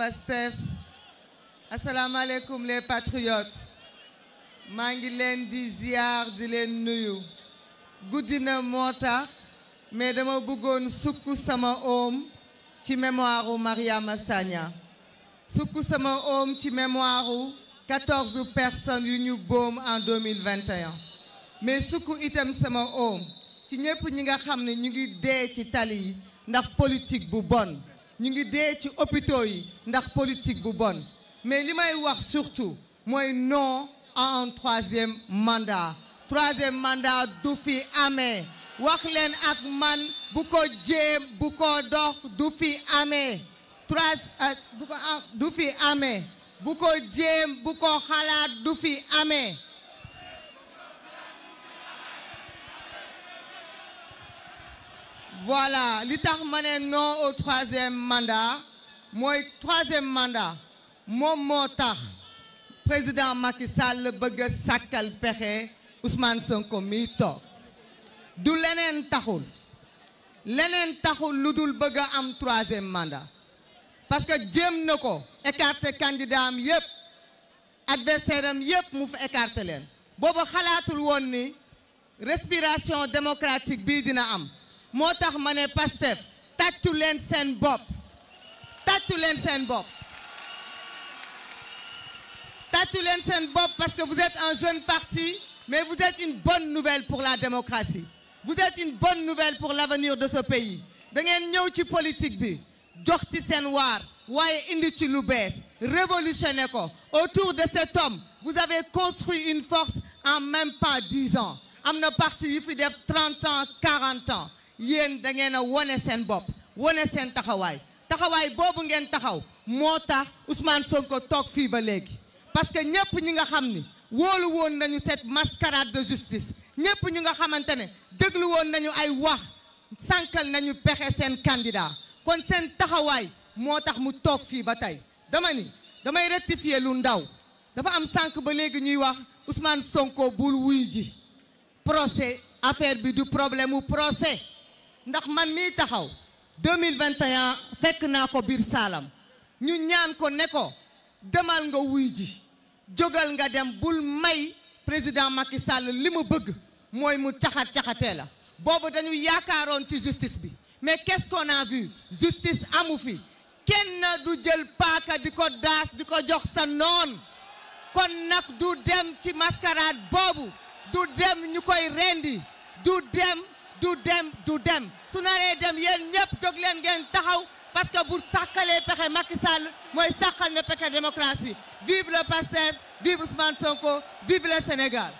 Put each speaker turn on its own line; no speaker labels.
Pastef asalaamaaleykum les patriotes maa ngi leen di ziar di leen nuyu guddi moo tax mais dama bëggoon sukk sama oom ci mémoire u Mariama sukk sama om ci mémoire u quatorze personnes yu ñu boom en 2021 mais sukk itam sama om ci ñépp ñi nga xam ne ñu ngi dee ci tali yi ndax politique bu bon ñu ngi dee ci hôpitaux yi ndax politique bu bon mais li may wax surtout mooy non à un troisième mandat troisième mandat du fi amee wax leen ak man bu ko jéem bu ko dox du fi amee trois du euh, ko ah, du fi amee bu ko jéem bu ko xalaat du fi amee voilà li tax ma ne non au mandat mooy troisième mandat moom moo tax président Macky Sall bëgg a sàkkal pexe Ousmane Sonko mi toog du leneen taxul leneen taxul lu dul bëgga a am troisième mandat parce que jéem na ko écarter candidat am yëpp adversaire am yëpp mu fa écarter leen booba xalaatul woon ni respiration démocratique bii dina am moo tax ma ne Pastef tàccu leen seen bopp tàccu leen seen bopp tàccu leen seen bopp parce que vous êtes un jeune parti mais vous êtes une bonne nouvelle pour la démocratie vous êtes une bonne nouvelle pour l'avenir de ce pays da ngeen ñëw ci politique bi jox ci seen waar waaye indi ci lu bees révolutionné ko autour de cet homme vous avez construit une force en même pas dix ans am na partie yu fi def trente ans quarante ans yéen da ngeen a wone seen bopp wone seen taxawaay taxawaay boobu ngeen taxaw moo tax Ousmane Sonko toog fii ba léegi parce que ñëpp ñi nga xam ni woolu woon nañu seet mascarade de justice ñëpp ñu nga xamante ne déglu woon nañu ay wax sànkal nañu pexe seen candidat kon seen taxawaay moo tax mu toog fii ba tey dama ni damay rectifier lu ndaw dafa am sànq ba léegi ñuy wax Ousmane Sonko bul wuy ji procès affaire bi du problème mu procès ndax man mi taxaw 2021 fekk naa ko biir saalam ñu ñaan ko ne ko demal nga wuy ji jógal nga dem bul may président Macky Sall li mu bëgg mooy mu caxat caxate la boobu dañu yaakaaroon ci justice bi mais qu'est-ce qu'on vu justice amu fi kenn du jël paaka di ko daas di ko jox sa noon kon nag du dem ci mascarade boobu du dem ñu koy rendi du dem du dem du dem su naree dem yéen ñëpp jóg leen ngeen taxaw parce que bu sàkkalee pexe Macky Sall mooy sàkkal na pexe démocratie vive le Pastef vive Ousmane Sonko vive le Sénégal